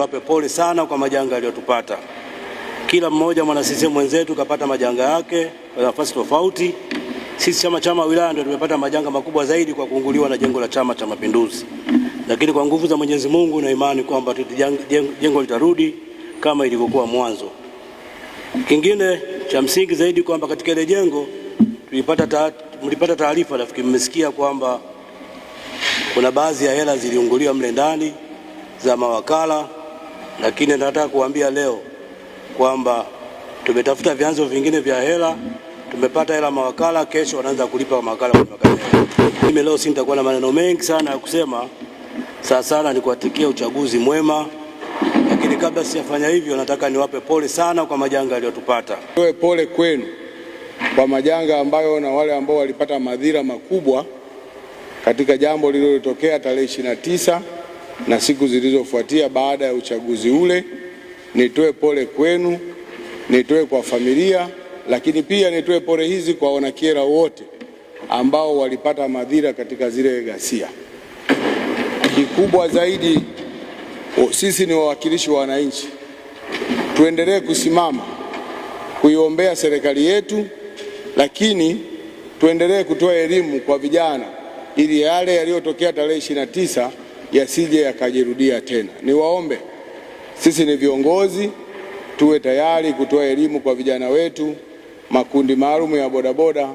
niwape pole sana kwa majanga yaliyotupata. Kila mmoja mwana CCM mwenzetu kapata majanga yake kwa nafasi tofauti. Sisi chama chama wilaya ndio tumepata majanga makubwa zaidi kwa kuunguliwa na jengo la Chama cha Mapinduzi, lakini kwa nguvu za Mwenyezi Mungu na imani kwamba jengo litarudi kama ilivyokuwa mwanzo. Kingine cha msingi zaidi kwamba katika ile jengo tulipata, mlipata taarifa, nafikiri mmesikia kwamba kuna baadhi ya hela ziliunguliwa mle ndani za mawakala lakini nataka kuambia leo kwamba tumetafuta vyanzo vingine vya hela, tumepata hela mawakala, kesho wanaanza kulipa mawakala. Mimi leo sitakuwa na maneno mengi sana ya kusema. Saa sana nikuwatakia uchaguzi mwema, lakini kabla sijafanya hivyo, nataka niwape pole sana kwa majanga yaliyotupata. Toe pole kwenu kwa majanga ambayo na wale ambao walipata madhira makubwa katika jambo lililotokea tarehe 29 na siku zilizofuatia baada ya uchaguzi ule. Nitoe pole kwenu, nitoe kwa familia, lakini pia nitoe pole hizi kwa wanakiera wote ambao walipata madhira katika zile ghasia. Kikubwa zaidi, sisi ni wawakilishi wa wananchi, tuendelee kusimama kuiombea serikali yetu, lakini tuendelee kutoa elimu kwa vijana ili yale yaliyotokea tarehe ishirini na tisa yasije yakajirudia tena. Niwaombe, sisi ni viongozi, tuwe tayari kutoa elimu kwa vijana wetu, makundi maalum ya bodaboda,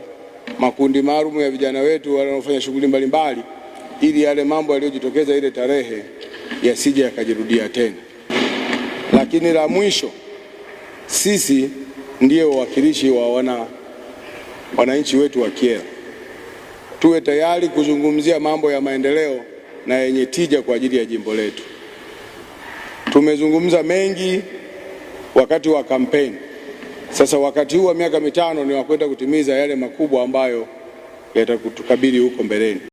makundi maalum ya vijana wetu wanaofanya shughuli mbalimbali, ili yale mambo yaliyojitokeza ile tarehe yasije yakajirudia tena. Lakini la mwisho, sisi ndiyo wawakilishi wa wana wananchi wetu wa Kyela, tuwe tayari kuzungumzia mambo ya maendeleo na yenye tija kwa ajili ya jimbo letu. Tumezungumza mengi wakati wa kampeni. Sasa wakati huu wa miaka mitano ni wa kwenda kutimiza yale makubwa ambayo yatakutukabili huko mbeleni.